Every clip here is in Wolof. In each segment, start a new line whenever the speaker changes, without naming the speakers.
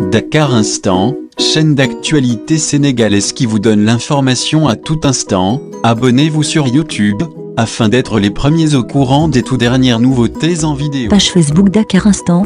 Dakar Instant, chaîne d'actualité sénégalaise qui vous donne l'information à tout instant, abonnez-vous sur YouTube, afin d'être les premiers au courant des tout dernières nouveautés en vidéo.
Page Facebook Dakar Instant.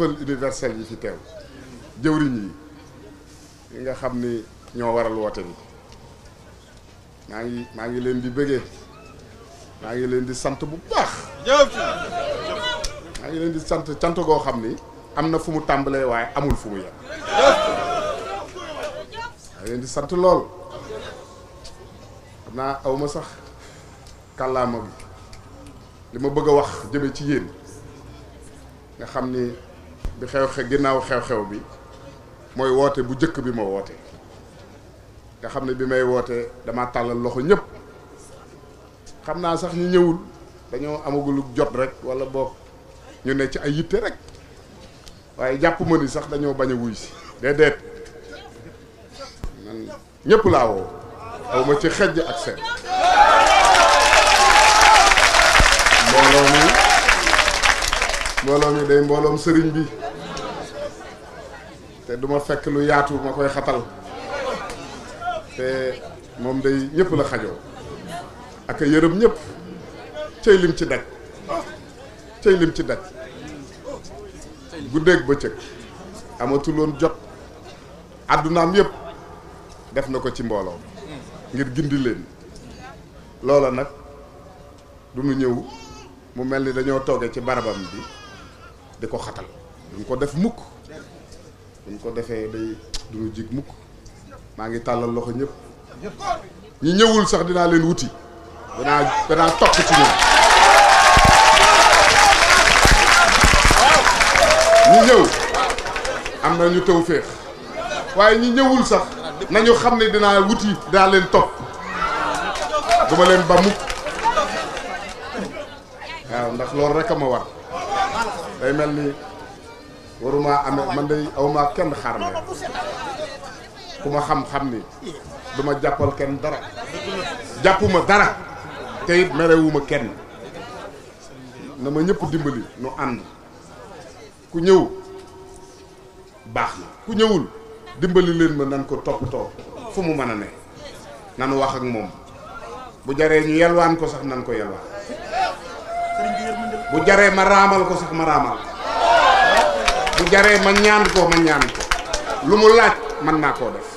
jëfal universel yi fi teew jëwriñ yi yi nga xam ni ñoo waral wote bi maa ngi maa ngi leen di bëggee maa ngi leen di sant bu baax maa ngi leen di sant cant goo xam ni am na fu mu tàmbalee waaye amul fu mu yem maa ngi leen di sant lool xam naa awma sax kàllaama bi li ma bëgg a wax jëme ci yéen nga xam ni bi xew xew ginnaaw xew-xew bi mooy woote bu njëkk bi ma woote nga xam ne bi may woote dama tàllal loxo ñëpp xam naa sax ñu ñëwul dañoo amagul jot rek wala boog ñu ne ci ay yitte rek waaye jàppuma ma ni sax dañoo bañ a wuy si déedéet man laa woo aw ma ci xejj ak seen mbooloo mi mbooloo mi day mbooloom sëriñ bi te duma fekk lu yaatu ma koy xatal te moom day ñëpp la xajoo ak yërëm ñëpp cëy ci daj cëy lim ci daj guddeeg bëccëg amatuloon jot àddunaam yëpp def na ko ci mbooloo ngir gindi leen loola nag du nu ñëw mu mel ni dañoo toogee ci barabam bi di ko xatal duñ ko def mukk ñu ko defee day duñu jig mukk maa ngi tàllal loxo ñëpp ñi ñëwul sax dinaa leen wuti danaa danaa topp ci ñoom ñi ñëw am na ñu taw féex waaye ñi ñëwul sax nañu xam ne dinaa wuti dinaa leen topp duma leen ba mukk waaw ndax loolu rek a ma war day mel ni waruma amee man day awma kenn xaar ma ku ma xam-xam ni du jàppal kenn dara jàppuma dara te it merewuma kenn na ma ñëpp dimbali nu ànd ku ñëw baax na ku ñëwul dimbali leen ma nan ko toppatoo fu mu mën a ne nanu wax ak moom bu jaree ñu yelwaan ko sax nan ko yelwaan bu jaree ma raamal ko sax ma raamal bu jaree ma ñaan ko ma ñaan ko lu mu laaj man na ko def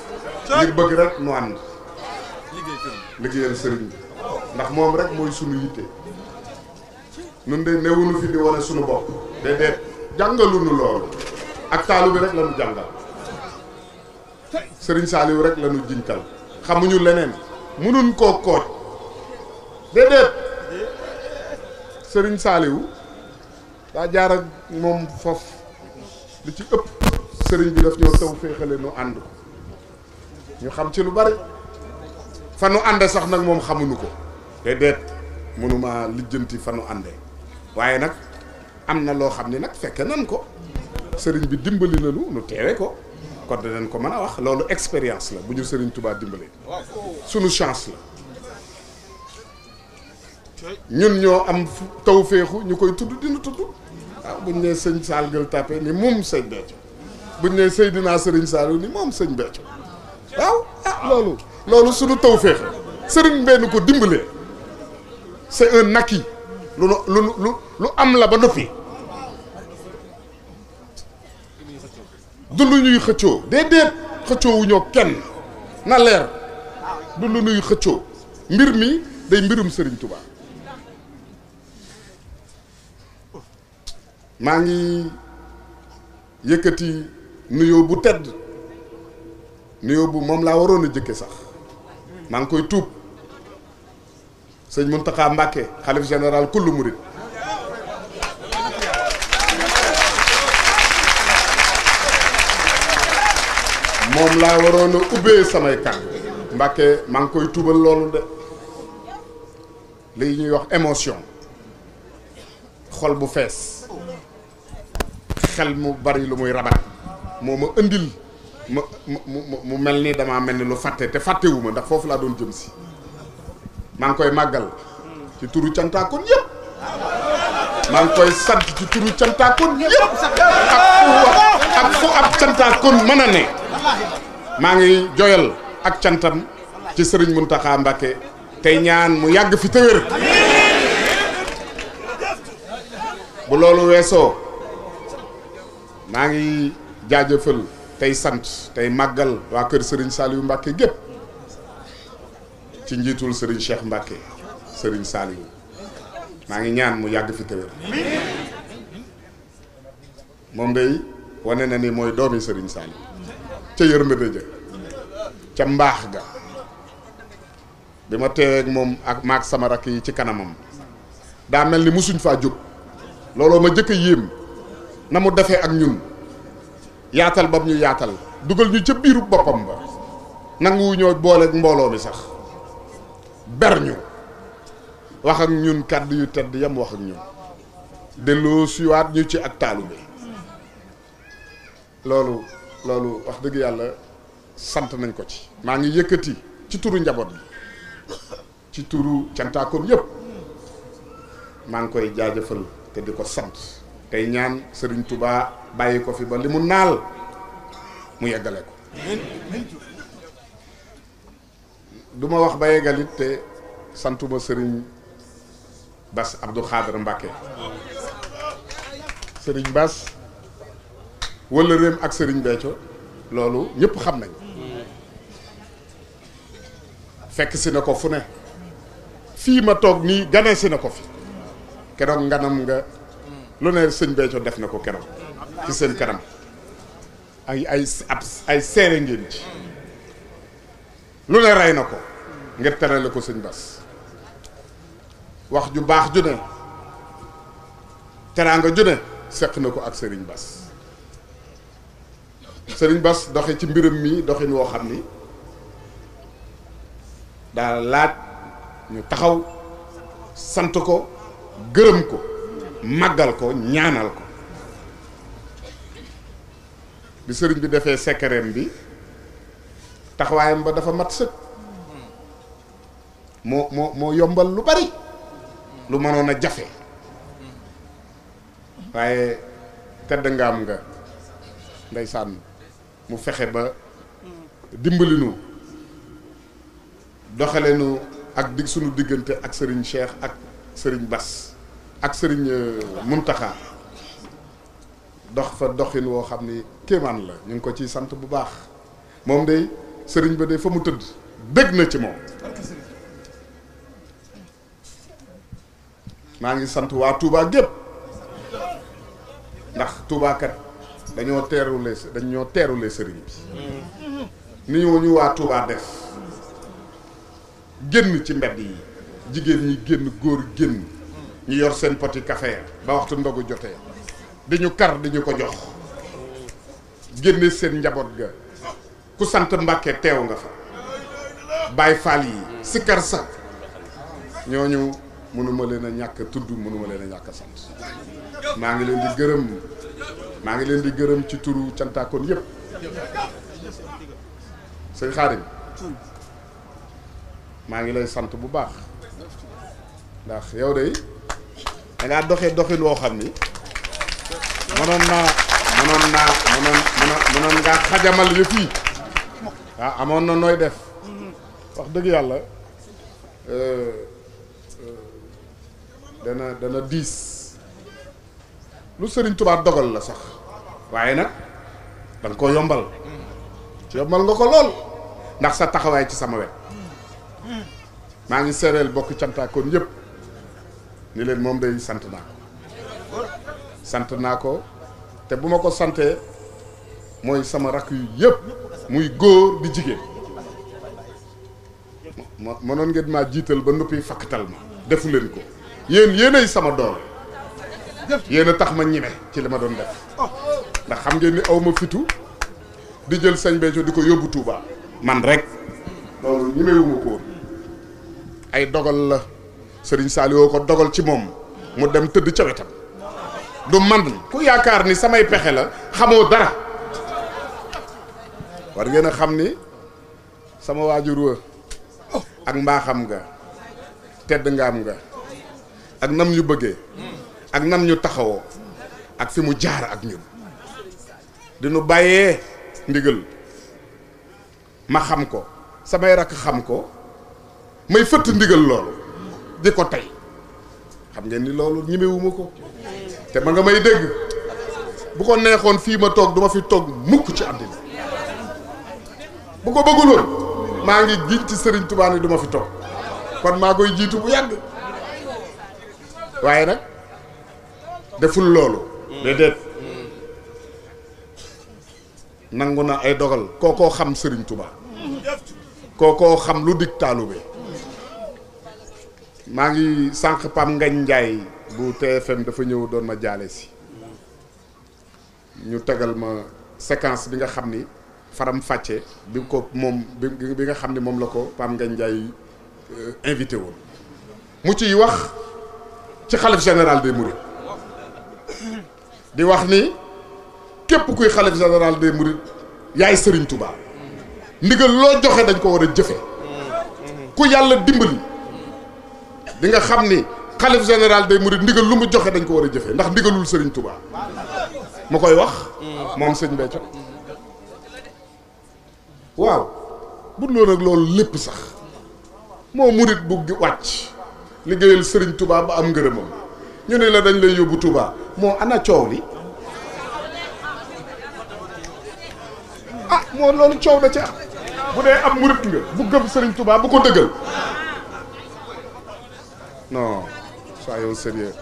ñu bëgg rek nu ànd liggéeyal sëriñ bi ndax moom rek mooy sunu yitte nun de newunu fi di wane sunu bopp jangalu ñu lool ak taalu bi rek lañu jangal sëriñ saliw rek lañu ñu jinkal xamuñu leneen mënuñ ko kooj déedéet sëriñ saliw da jaar ak mom foofu li ci ëpp sëriñ bi daf ñoo taw nu ànd ñu xam ci lu bari fa nu ànde sax nag moom xamuñu ko te deet mënuma lijjanti fanu ànde waaye nag am na loo xam ni nag fekke nan ko sëriñ bi dimbali nañu nu teewe ko kon danañ ko mën a wax loolu expérience la bu ñu sëriñ Touba dimbali sunu chance la ñun ñoo am tawféexu ñu koy tudd dina tudd ah bu ñu nee sëñ Saal Gueule Tapée ni moom sëñ Béthio bu ñu nee Seydina Serigne Saliou ni moom sëñ Béthio waaw ah loolu loolu suñu taw féexe sëriñ benn ko dimbalee c'est un acquis lu lu lu lu am la ba noppi lu ñuy xëccoo déedéet xëccoo wu ñoo kenn na leer du lu ñuy xëccoo mbir mi day mbirum sëriñ Touba. maa ngi yëkkati nuyoo bu tedd nuyoo bu moom laa waroon a jëkke sax maa ngi koy tuub sëñ Mountakha Mbacké xalif général kullu murid moom laa waroon a ubbee samay kàddu Mbacké maa ngi koy tuubal loolu de li ñuy wax émotion xol bu fees xel mu bari lu muy rabat moo ma indil ma mu mu mel ni dama mel ni lu fàtte te fàttewu ma ndax foofu laa doon jëm maa ngi koy màggal ci turu cantaakoon yëpp maa ngi koy sant ci turu cantaakoon yëpp ak fu ab cantaakoon mën a ne maa ngi joyal ak cantam ci Serigne Mountakha Mbacké tey ñaan mu yàgg fi tëwër bu loolu weesoo maa ngi jaajëfal tey sant tey màggal waa kër Serigne Saliou Mbacke gépp ci njiitul Serigne Cheikh Mbacke Serigne Saliou maa ngi ñaan mu yàgg fi tëwër moom day wane na ni mooy doomi sëriñ Saliou ca yërmande ja ca mbaax ga bi ma teewee moom ak maag sama rakk yi ci kanamam daa mel ni musuñ faa jóg looloo ma jëkk a yéem na mu defee ak ñun yaatal bam ñu yaatal dugal ñu ca biiru boppam ba nanguwu ñoo boole mbooloo mi sax ber ñu wax ak ñun kàddu yu tedd yam wax ak ñun delloo siwaat ñu ci ak taalu loolu loolu wax dëgg yàlla sant nañ ko ci maa ngi yëkkati ci turu njaboot bi ci turu cantaakoon yépp maa ngi koy jaajëfal te di ko sant tey ñaan sëriñ Touba bàyyi ko fi ba li mu naal mu yeggale ko du ma wax ba yeggalit te santuma sëriñ Bas Abdou Khadre mbakke sëriñ Bas wala ak sëriñ Béthio loolu ñëpp xam nañ fekk si na ko fu ne fii ma toog nii gane si na ko fi keroog nganam nga lu ne sëñ Béthio def na ko keroog ci seen kanam ay ay ab ay seere ngeen ci lu ne rey na ko ngir terale ko sëñ bas wax ju baax ju ne nga ju ne seq na ko ak sëriñ bas sëriñ bas doxe ci mbiram mi doxin woo xam ni daa laaj ñu taxaw sant ko gërëm ko màggal ko ñaanal ko bi sëriñ bi defee sekkereem bi taxawaayam ba dafa mat sëkk moo moo moo yombal lu bari lu mënoon a jafe waaye tedd nga am nga ndeysaan mu fexe ba dimbali nu doxale ak dig sunu diggante ak sëriñ Cheikh ak sëriñ Bas ak sëriñ euh, Muntaxa dox fa doxin woo xam ni kéemaan la ñu ngi ko ci sant bu baax moom day sëriñ ba day fa mu tëdd dégg na ci moom maa ngi sant waa Touba gépp ndax Touba dañoo teerule dañoo teerule sëriñ bi ni ñu waa Touba def génn ci mbedd yi jigéen yi génn góor génn ñu yor seen poti café ba waxtu ndogu jotee dañu kar dañu ko jox génne seen njaboot ga ku sant Mbàkke teew nga fa Baay Faal yi sikkar sa ñooñu mënuma leen a ñàkk tudd mënuma leen a ñàkk sant maa ngi leen di gërëm maa ngi leen di gërëm ci turu cantaakoon yëpp sëñ Xaadim maa ngi lay sant bu baax ndax yow de da ngaa doxee doxin woo xam ni mënoon naa mënoon naa mënoon mënoon ngaa xajamal yëpp yi waaw ah, amoon na nooy def wax dëgg yàlla euh, euh, dana dana diis lu Sëriñ Tuubaa dogal la sax waaye nag da ko yombal yombal nga ko lool ndax sa taxawaay ci sama wet maa ngi seereel bokk cantaakoon yëpp ni leen moom day sant naa ko sant naa ko te bu ma ko santee mooy sama rakk yu yëpp muy góor di jigéen ma mënoon ngeen maa jiital ba noppi fakkatal ma defu leen ko yéen yéenay sama doole yéen a tax ma ñime ci li ma doon def ndax xam ngeen ni aw ma fitu di jël sañ Béthio di ko yóbbu Touba man rek loolu ñimewuma ko ay dogal la sëriñ Saliou ko dogal ci moom mu dem tëdd ca wetam du man ku yaakaar ni samay pexe la xamoo dara war ngeen a xam ni sama waajur wa ak mbaaxam nga tedd nga am nga ak nam ñu bëggee ak nam ñu taxawoo ak fi mu jaar ak ñun di nu bàyyee ndigal ma xam ko samay rakk xam ko may fëtt ndigal loolu di ko tey xam ngeen ni loolu ñemewuma ko te ma nga may dégg bu ko neexoon fii ma toog du fi toog mukk ci àddina bu ko bëgguloon maa ngi giñ ci Serigne Touba ni fi toog kon maa koy jiitu bu yàgg waaye nag deful loolu déedéet nangu na ay dogal kookoo xam Serigne Touba kookoo xam lu dig taalube maa ngi sànq Pam Ngañ Njaay bu TFM dafa ñëw doon ma jaale si ñu tegal ma séquence bi nga xam ni faram fàcce bi ko moom bi nga xam ni moom la ko Pam nga Njaay euh, invité woon mu ciy wax ci xalif général des Mourides di wax ni képp kuy xalif général des Mourides yaay Serigne Touba ndigal loo joxe dañ ko war a jëfe ku yàlla dimbali. di nga xam ni xalif général day murid ndigal lu mu joxe dañ ko war a jëfee ndax ndigalul sëriñ Touba mu koy wax moom sëñ Béthio waaw bu loolu loolu lépp sax moo murid bu wàcc liggéeyal sëriñ Touba ba am ngërëmam ñu ne la dañ lay yóbbu Touba moo ana coow li ah moo loolu coow da ci am bu dee am murid nga bu gëm sëriñ Touba bu ko dëggal non soyons sérieux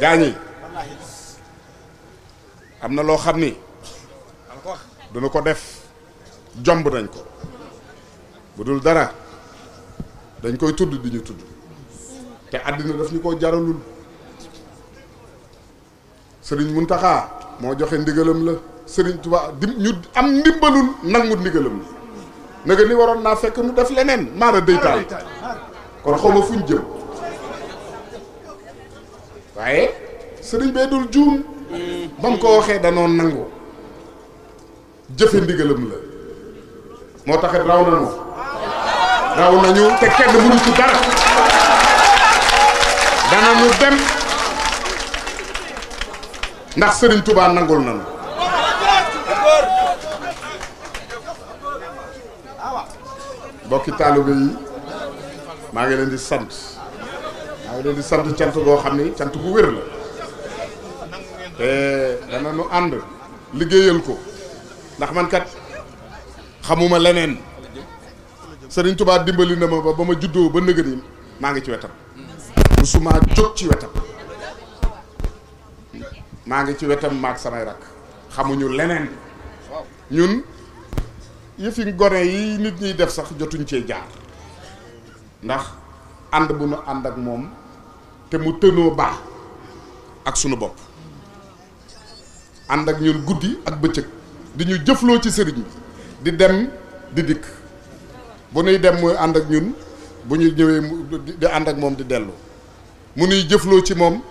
gaañi am na loo xam ni duñu ko def jomb nañ ko bu dul dara dañ koy tudd di ñu tudd te àddina daf ñu ko jaralul sëriñ Muntaxa moo joxe ndigalam la sëriñ Tuubaa di ñu am ndimbalul nangu ndigalam la naka ni waroon naa fekk nu def leneen maara daytaal kon xaw ma fuñ jëm waaye sëriñ bee dul juum ba mu ko waxee danoo nangu jëfe ndigalam la moo taxit raw nañu raw nañu te kenn mënu ci dara dana nu dem ndax sëriñ Touba nangul nañu bokki taalibe yi maa ngi leen di sant maa ngi leen di sant cant goo xam ni cant gu wér la te dana nu ànd liggéeyal ko ndax man kat xamuma leneen Sëriñ Tubaa dimbali na ma ba ba ma juddoo ba nëgën maa ngi ci wetam musuma jóg ci wetam maa ngi ci wetam maag samay rakk xamuñu leneen ñun yëfi gone yi nit ñiy def sax jotuñ cee jaar ndax ànd bu nu ànd ak moom te mu tënoo baax ak sunu bopp ànd ak ñun guddi ak bëccëg di ñu jëfloo ci sëriñ bi di dem di dikk bu nuy dem muy ànd ak ñun bu ñu ñëwee di ànd ak moom di dellu mu nuy jëfloo ci moom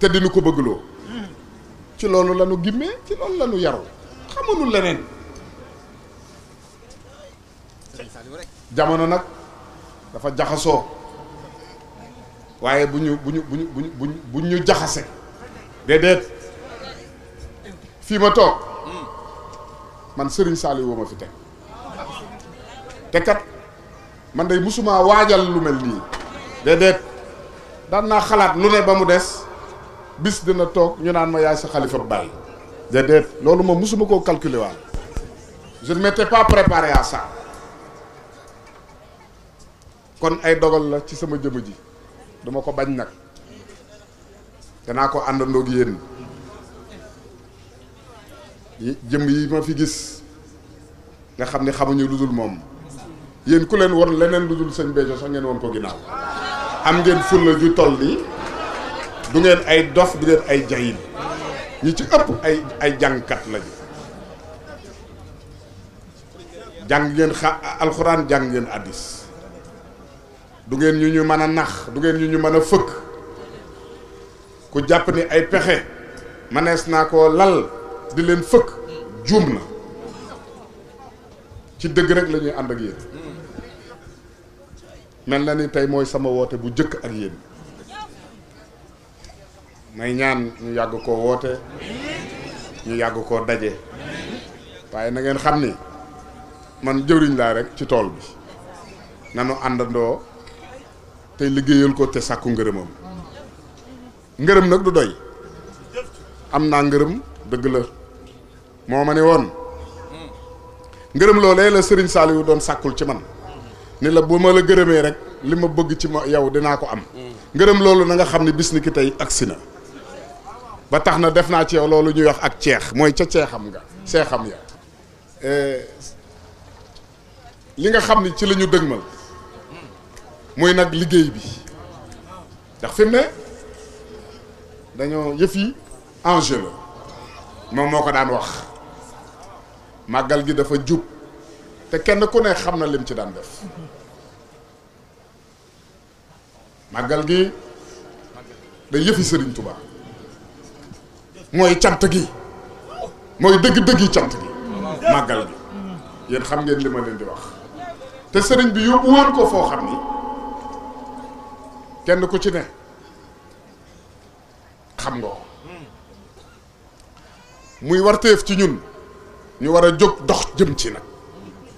te di nu ko bëgguloo ci loolu lanu nu gimmee ci loolu la yaru yaru xamanul leneen jamono nak dafa jaxasoo waye buñu buñu buñu buñu buñu jaxasse dedet fi ma tok man Serigne Saliou ma fi tek te kat man day musuma wadjal lu mel nii déedéet daan naa xalaat lu ne bamou dess bis dina tok ñu nan ma yaay sa khalifa bàyyi dedet lolu moom musuma ko calculer wa je ne m'étais pas préparé à ça. kon ay dogal la ci sama jëmm ji duma ko bañ nag danaa ko àndandoo ak yéen jëm yi ma fi gis nga xam ni xamuñu lu moom yéen ku leen won leneen lu dul sëñ Béthio sax ngeen won ko ginnaaw am ngeen fulla ju toll nii du ngeen ay dof du ngeen ay jayin ñi ci ëpp ay ay jàngkat lañ jàng ngeen alxuraan jàng ngeen addis du ngeen ñu ñu mën a nax du ngeen ñu ñu mën a fëkk ku jàpp ni ay pexe manees naa ko lal di leen fëkk juum na ci dëgg rek lañuy ñuy ànd ak yéen mel na ni tey mooy sama woote bu jëkk ak yéen may ñaan ñu yàgg koo woote ñu yàgg koo daje waaye na ngeen xam ni man jëwriñ laa rek ci tool bi nanu àndandoo tey liggéeyal ko te sàkku ngërëmam ngërëm nag du doy am naa ngërëm dëgg la moo ma ne woon ngërëm loolee la Serigne Saliou doon sàkkul ci man ni la bu ma la gërëmee rek li ma bëgg ci ma yow dinaa ko am ngërëm loolu na nga xam ne bis ni ki tey agsi na ba tax na def naa ci yow loolu ñuy wax ak ceex mooy ca ceexam nga seexam ya eh, li nga xam ni ci la ñu dëgmal muy nag liggéey bi ndax fi ne dañoo yëfi yi la moom moo ko daan wax màggal gi dafa jub te kenn ku ne xam na lim ci daan def màggal gi day yëfi sëriñ Touba mooy cant gi mooy dëgg-dëggi cant gi màggal gi yéen xam ngeen li ma leen di wax te sëriñ bi yóbbu woon ko foo xam ni. kenn ku ci ne xam nga muy warteef ci ñun ñu war a jóg dox jëm ci nag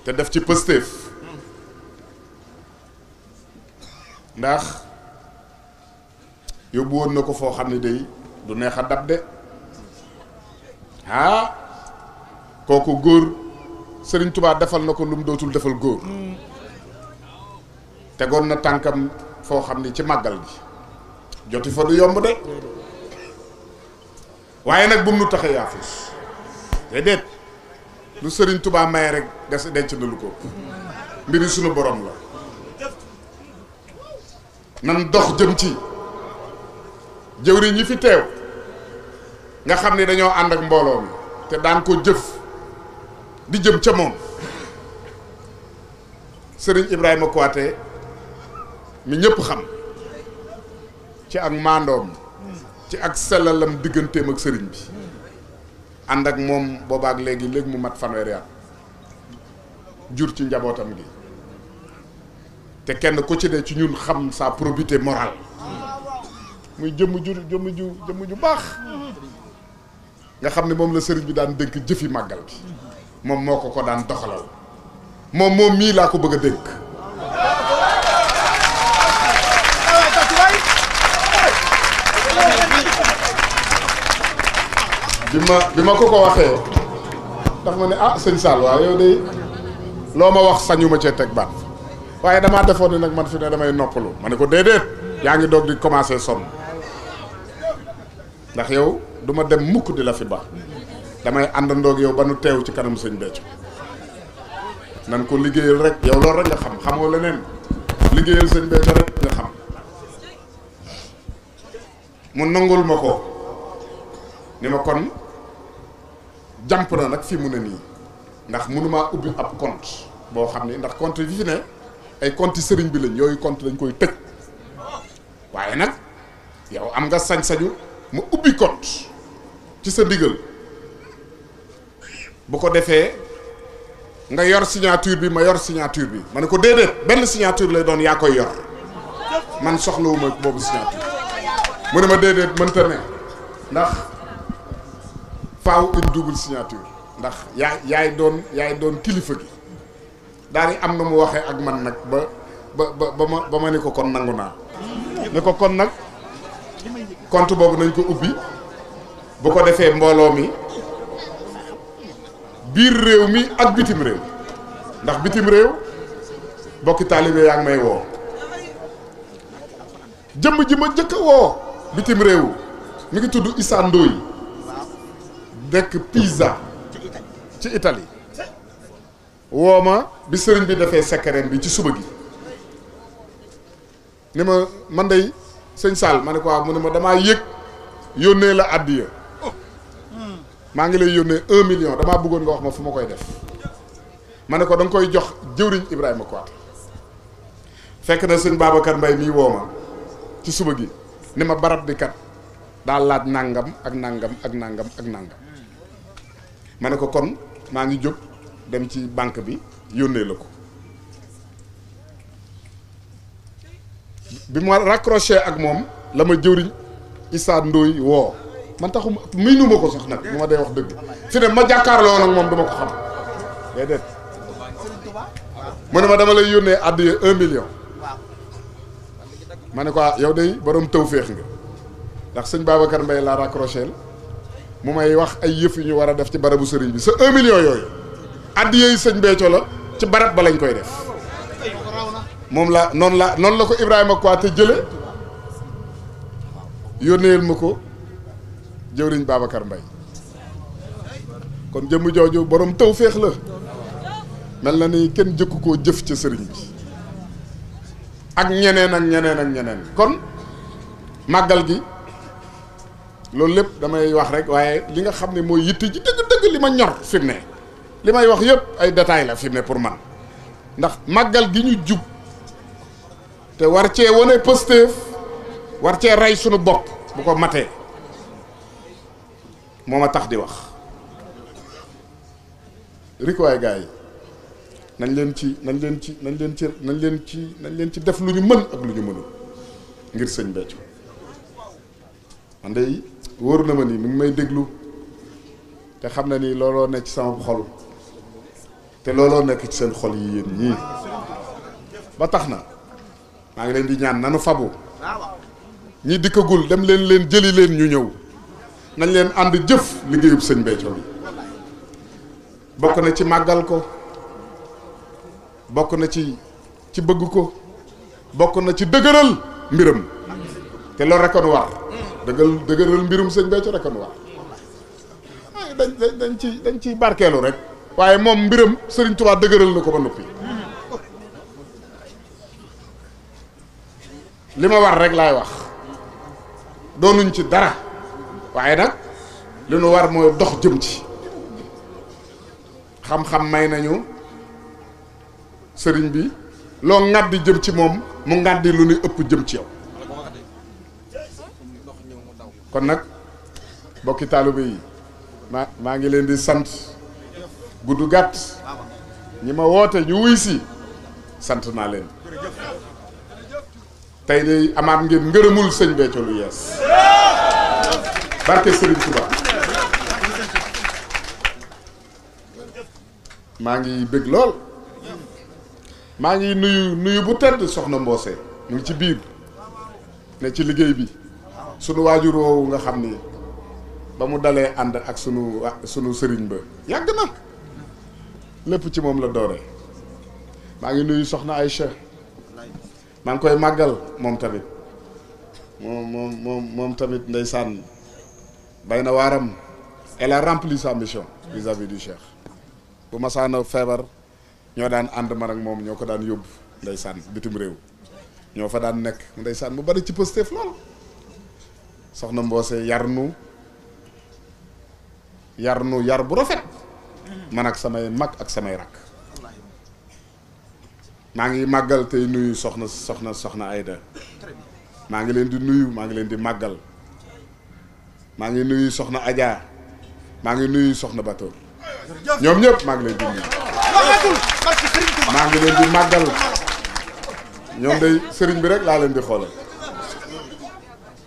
te def ci pëstéef ndax yóbbu woon na ko foo xam ne day du neex a dab de ah kooku góor Sëriñ Tubaa defal na ko lu mu dootul defal góor mm. tegoon na tànkam koo xam ni ci màggal gi joti fa du yomb de waaye nag bu mu nu tax a yaafus lu Serigne Touba maye rek des denc na lu ko yi sunu borom la nan dox jëm ci jëwriñ ñi fi teew nga xam ni dañoo ànd ak mbooloo mi te daan ko jëf di jëm ca moom sëriñ Ibrahima Kouaté mi ñëpp xam ci ak maandoom ci ak sellalam digganteem ak sëriñ bi ànd ak moom boobaak léegi léegi mu mat fanweeri jur ci njabootam gi te kenn ku ci ne ci ñun xam sa probité morale muy jëmm jur jëmm ju jëmm ju baax nga xam ne moom la sëriñ bi daan dénk jëfi màggal bi moom moo ko ko daan doxalal moom moom mii laa ko bëgg a dénk Bima, Bima bi ma ko ko waxee ndax ma ah seigne Sall wa yow day loo ma wax sañu ma cee teg baat waaye damaa defoon man fi da damay noppalu mané ko dedet yaangi dog di commencer son ndax yow duma dem mukk di la fi baax damay andandok yow banu tew ci kanam seigne Béthio nan ko liggéeyal rek yow lo rek nga xam xamoo lenen liggéeyal seigne Béthio rek nga xam mu nangul mako nima kon jàmp na nag fi mu ne nii ndax mënumaa ubbi ab compte boo xam ne ndax compte yi fi ne ay compte sëriñ bi lañ yooyu compte dañ koy tëj waaye nag yow am nga sañ-sañu ma ubbi compte ci sa ndigal bu ko defee nga yor signature bi ma yor signature bi ma ne ko déedéet benn signature lay doon yaa koy yor man soxlawuma boobu signature mu ne ma déedéet mënta ne ndax faaw une double signature ndax yaa yaay doon yaay doon kilifa gi daal di am na mu waxee ak man nag ba ba ba ma ba ma ni ko kon nangu naa ne ko kon nag compte boobu nañ ko ubbi bu ko defee mbooloo mi biir réew mi ak bitim réew ndax bitim réew bokki taalibe yaa ngi may woo jëmm ji ma jëkk woo bitim réew mi ngi tudd Issa Ndoye dëkk Pisa ci itali woo ma bi sëriñ bi defee sekkareem bi ci suba gi ni ma man day sëñ Sall ma ne ko waaw mu ne ma damaa yëg yónnee la àddiya maa ngi lay yónnee un million damaa bëggoon nga wax ma fu ma koy def ma ne ko danga koy jox jëwriñ Ibrahima Kouat fekk na sëñ Babacar Mbaye mii woo ma ci suba gi ni ma barab bi kat daal laaj nangam ak nangam ak nangam ak nangam ma ne ko kon maa ngi jóg dem ci banque bi yónnee la ko bi ma raccroché ak moom la ma jëwriñ Issa Ndoye woo man taxum muy numa ko sax nag bu ma dee wax dëgg fi ne ma jàkkaarloo nag moom duma ko xam déedéet mu ma dama lay yónnee àddiya un million ma ne ko ah, yow de borom tawféex nga ndax sëñ Babacar Mbaye laa raccroché mu may wax ay yëf yu ñu war a def ci barabu sëriñ bi sa un million yooyu addi yooyu sëñ la ci barab ba lañ koy def moom la noonu la noon la ko Ibrahima Koité jële yónneel ma ko jëwriñ Babacar Mbaye kon jëmm jooju boroom taw féex la mel na ni kenn jëkku koo jëf ca sëriñ bi ak ñeneen ak ñeneen ak ñeneen kon màggal gi loolu lépp damay wax rek waaye li nga xam ne mooy yitte ji dëgg-dëgg li ma ñor fi li may wax yépp ay détails la fi pour man ndax màggal gi ñu jub te war cee wane Pastef war cee rey sunu bopp bu ko matee moo ma tax di wax rikuwaay gars yi nañ leen ci nañ leen ci nañ leen ci nañ leen ci nañ leen ci def lu ñu mën ak lu ñu mënul ngir sëñ Béthio man de wóor na ma ni mu ngi may déglu te xam na ni looloo nekk ci sama xol te looloo nekk ci seen xol yi yéen ñii ba tax na maa ngi leen di ñaan nanu fabu ñi dikkagul dem leen leen jëli leen ñu ñëw nañ leen ànd jëf liggéeyub sëñ Béthio bi bokk na ci màggal ko bokk na ci ci bëgg ko bokk na ci dëgëral mbiram te loolu rekkoon war dëggal dëgëral mbirum sëñ Béthio rek nu wax ay dañ dañ dañ ci dañ barkeelu rek waaye moom mbiram sëriñ Tuubaa dëgëral na ko ba noppi li ma war rek laay wax doonuñ ci dara waaye nag li nu war mooy dox jëm ci xam-xam may nañu sëriñ bi loo ngàddi jëm ci moom mu ngàddi lu nuy ëpp jëm ci yow kon nag bokki taalibe yi maa maa ngi leen di sant gudd gàtt ñi ma woote ñu wuy si sant naa leen tey de amaat ngeen ngërëmul sëñ Béthio lu yees barke Serigne Touba maa ngi bëgg lool maa ngi nuyu nuyu bu tedd soxna Mboose mu ngi ci biir ne ci liggéey bi sunu waajur woowu nga xam ni ba mu dalee ànd ak sunu sunu sëriñ ba yàgg na lépp ci moom la doore maa ngi nuyu soxna Aïcha maa ngi koy màggal moom tamit moom moom moom moom tamit ndeysaan bay na waaram elle a rempli sa mission vis-à-vis du cheikh bu masaana feebar ñoo daan ànd man ak moom ñoo ko daan yóbbu ndeysaan bitim réew ñoo fa daan nekk ndeysaan mu bari ci positif lool soxna mboose yar yarnu yar yar bu rafet man ak samay mag ak samay rakk maa ngi màggal tey nuyu soxna soxna ayda maa ngi leen di nuyu maa ngi leen di màggal maa ngi nuyu soxna Adja maa ngi nuyu soxna Batoor ñoom ñëpp maa ngi leen di nuyu màggal ñoom day sëriñ bi rek laa leen di xoolal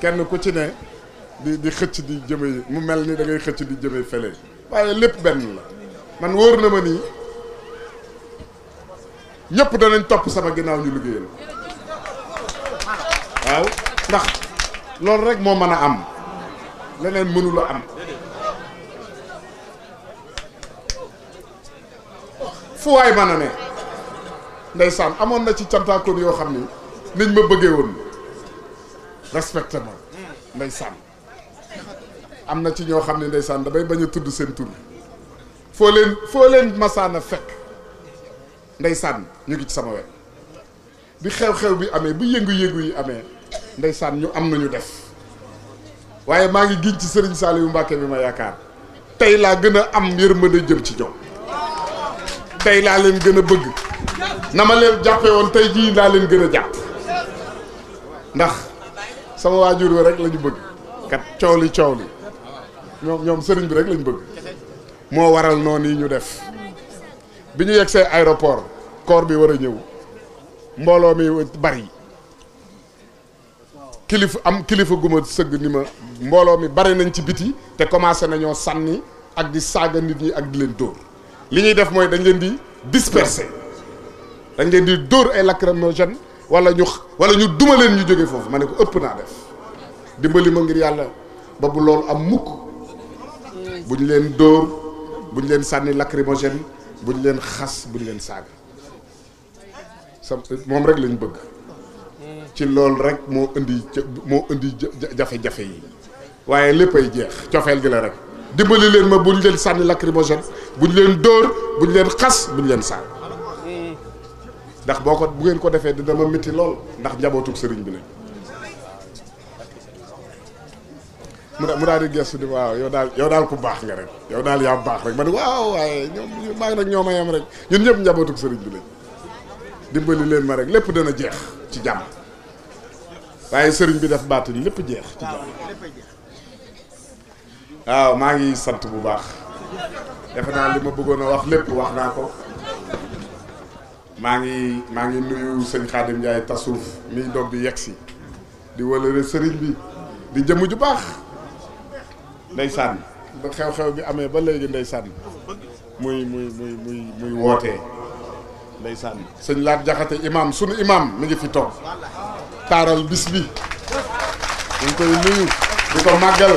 kenn ku ci ne di di xëcc di jëme mu mel ni da ngay xëcc di jëme fële waaye lépp benn la man wóor na ma nii ñépp danañ topp sama ginnaaw ñu liggéeyal waaw ndax loolu rek moo mën a am leneen mënul am fu waay mën a ne ndeysaan amoon na ci cantaakoon yoo xam ni niñ ma bëggee woon respecté ma ndeysaan am na ci ñoo xam ne ndeysaan damay bañ a tudd seen tur foo leen foo leen masaana fekk ndeysaan ñu ngi ci sama wet bi xew-xew bi amee bu yëngu-yëngu yi amee ndeysaan ñu am nañu def waaye maa ngi giñ ci sëriñ Serigne yu Mbacke bi ma yaakaar tey laa gën a am yërmande jëm ci ñoom tey laa leen gën a bëgg na ma leen jàppe tey jii laa leen gën a jàpp ndax sama wajur rek lañu bëgg kat coow li ñom ñom sëriñ bi rek lañu bëgg mo waral non yi ñu def biñu yexé aéroport koor bi wara ñëw mbolo mi bari kilifa am kilifa guma seug ni ma mi bari nañ ci biti té commencé nañu sanni ak di saga nit ñi ak di leen door li ñuy def moy dañ leen di disperser dañ leen di door ay lacrymogène wala ñu wala ñu duma leen ñu jóge foofu ma ne ko ëpp naa def dimbali ma ngir yàlla ba bu loolu am mukk buñ leen dóor buñ leen sànni lacrymogène buñ leen xas buñ leen saaga sa moom rek lañ bëgg ci loolu rek moo indi moo indi jafe-jafe yi waaye léppay jeex cofeel gi la rek dimbali leen ma buñ leen sànni lacrymogène buñ leen dóor buñ leen xas buñ leen saaga ndax boo ko bu ngeen ko defee di dama métti lool ndax njabootug sëriñ bi lañ mu daal di gestu di waaw yow daal yow daal ku baax nga rek yow daal yaa baax rek ma ne waaw waaye ñoom maa ngi nag ñoo ma yem rek ñun ñëpp njabootug sëriñ bi lañ dimbali leen ma rek lépp dana jeex ci jàmm waaye sëriñ bi def baatuñ lépp jeex ci jàmm waaw maa ngi sant bu baax defe naa li ma bëggoon a wax lépp wax naa ko maa ngi maa ngi nuyu sëñ Xaadim Ndiaye tasuuf miy doog di yegg si di wëlëre sëriñ bi di jëmm ju baax ndeysaan ba xew-xew bi amee ba léegi ndeysaan muy muy muy muy muy wootee ndeysaan sëñ Laat Jaxate imaam sunu imaam mi ngi fi toog taaral bis bi ñu ngi koy nuyu di ko màggal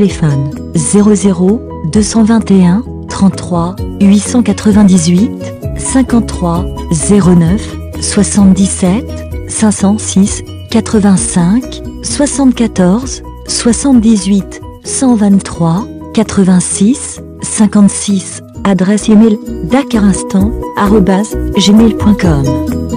téléphone 00 221 33 898 53 09 77 506 85 74 78 123 86 56 Adresse email gmail.com